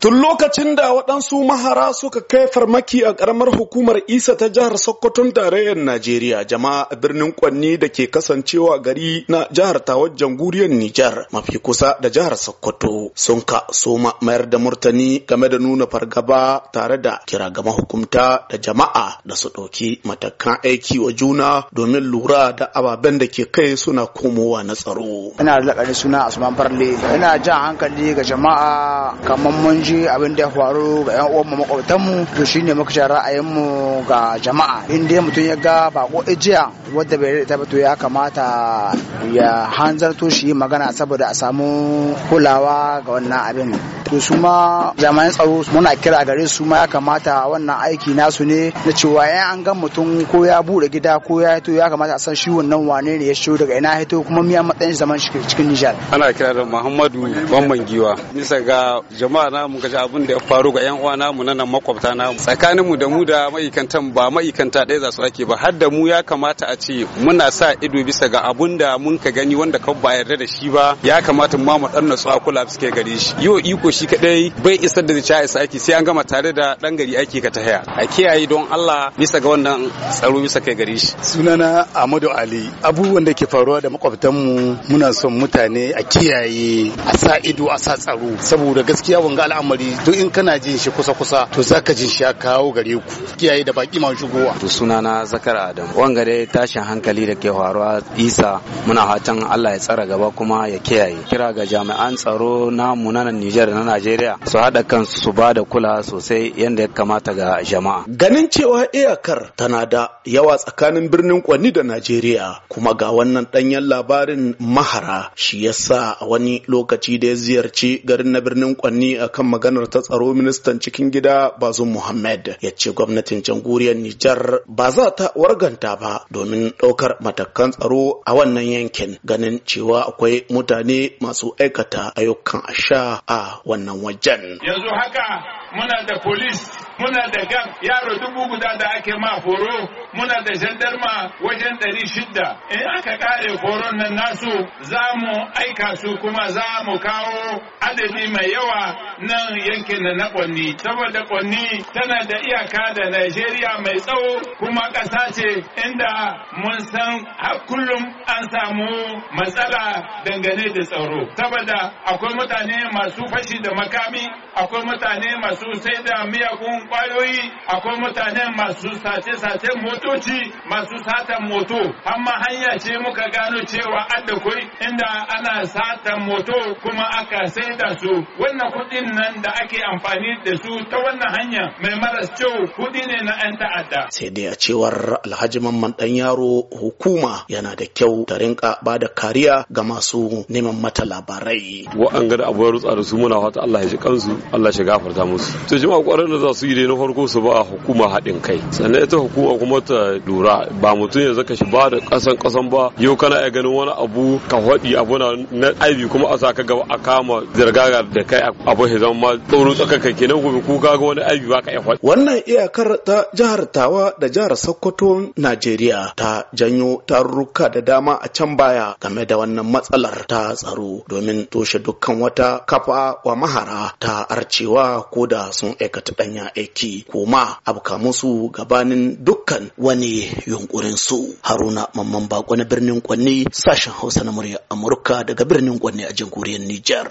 Tun lokacin da waɗansu mahara suka kai farmaki a ƙaramar hukumar Isa ta jihar Sokoton tarayyar Najeriya jama'a a birnin Kwanni da ke kasancewa gari na jihar Tawad Janguriyar Nijar mafi kusa da jihar Sokoto sun ka soma mayar da murtani game da nuna fargaba tare da kira ga da jama'a da su ɗauki matakan aiki wa juna domin lura da ababen da ke kai suna komowa na tsaro. Ina da suna Asuman Farle, ina jan hankali ga jama'a kamar mun ji abin da ya faru ga yan uwan mu makwabtan mu to shine muka ra'ayin mu ga jama'a in dai mutum ya ga bako ejiya wadda bai da ta ba to ya kamata ya hanzarto shi magana saboda a samu kulawa ga wannan abin to su ma jami'an tsaro muna kira gare su ma ya kamata wannan aiki nasu ne na cewa yan an ga mutum ko ya bude gida ko ya hito ya kamata a san shi wannan wane ne ya shigo daga ina hito kuma miya matsayin zaman cikin Nijar ana kira da Muhammadu Bamban Giwa bisa ga jama'a na mun abin da ya faru ga yan uwa namu na nan makwabta namu tsakanin mu da mu da maikantan ba maikanta ɗaya za su ake ba har da mu ya kamata a ce muna sa ido bisa ga abun da mu mun ka gani wanda ka ba yarda da shi ba ya kamata mu dan nasu kula suke gare shi yau iko shi kadai bai isar da ta isa aiki sai an gama tare da dan gari aiki ka ta haya a kiyaye don Allah bisa ga wannan tsaro bisa kai gare shi sunana Ahmadu Ali abubuwan da ke faruwa da mu muna son mutane a kiyaye a sa ido a sa tsaro saboda gaskiya wanga al'amari duk in kana jin shi kusa kusa to zaka jin shi ya kawo gare ku kiyaye da baki ma shigowa to sunana Zakar Adam wanga dai tashin hankali da ke faruwa Isa muna fatan Allah ya tsara gaba kuma ya kiyaye kira ga jami'an tsaro na munanan Nijar na Najeriya su haɗa kansu su ba da kula sosai yadda ya kamata ga jama'a ganin cewa iyakar tana da yawa tsakanin birnin Kwani da Najeriya kuma ga wannan danyen labarin mahara shi yasa a wani lokaci da ya ziyarci garin na birnin Kwani akan maganar ta tsaro ministan cikin gida Bazum Muhammad ya ce gwamnatin jamhuriyar Nijar ba za ta warganta ba domin ɗaukar matakan tsaro a wannan yankin yankin ganin cewa akwai mutane masu aikata ayyukan asha a wannan wajen yanzu haka muna da police muna da gam yaro dubu guda da ake ma horo muna da jandarma wajen ɗari shidda in aka ƙare horon nan nasu za mu aika su kuma za mu kawo adadi mai yawa nan yankin na kwanni saboda kwanni tana da iyaka da Najeriya mai tsawo kuma ƙasa ce inda mun san kullum an samu matsala dangane da tsaro saboda akwai mutane masu fashi da makami akwai mutane masu sai da miyagun kwayoyi akwai mutane masu sace-sace motoci masu satan moto amma hanya ce muka gano cewa da koi, inda ana satan moto kuma aka da su wannan kuɗin nan da ake amfani da su ta wannan hanya mai maras kyau kuɗi ne na 'yan ta'adda. Sai dai a cewar Alhaji Mamman dan yaro hukuma yana da kyau ta rinka ba da kariya ga masu neman mata labarai. Wa'an gada abu abuwar rutsa da su muna fata Allah ya shi kansu Allah ya gafarta musu. To jima'a ƙwarar da za su yi dai na farko su ba a hukuma haɗin kai sannan ita hukuma kuma ta lura ba mutum ya zaka shi ba da ƙasan ƙasan ba yau kana iya ganin wani abu ka faɗi abu na aibi kuma a sa ka gaba a kama zirgaga da kai abu ya zama ma tsoro kenan gobe ko ga wani aibi ba ka iya faɗi. wannan iyakar ta jihar tawa da jihar sokoto najeriya ta janyo tarurruka da dama a can baya game da wannan matsalar ta tsaro domin toshe dukkan wata kafa wa mahara ta arcewa ko da sun aikata ɗan aiki. ke koma abu musu gabanin dukkan wani yunkurin su haruna mamman bako na birnin kwanne sashen hausa na murya amurka daga birnin kwanne a jamhuriyar nijar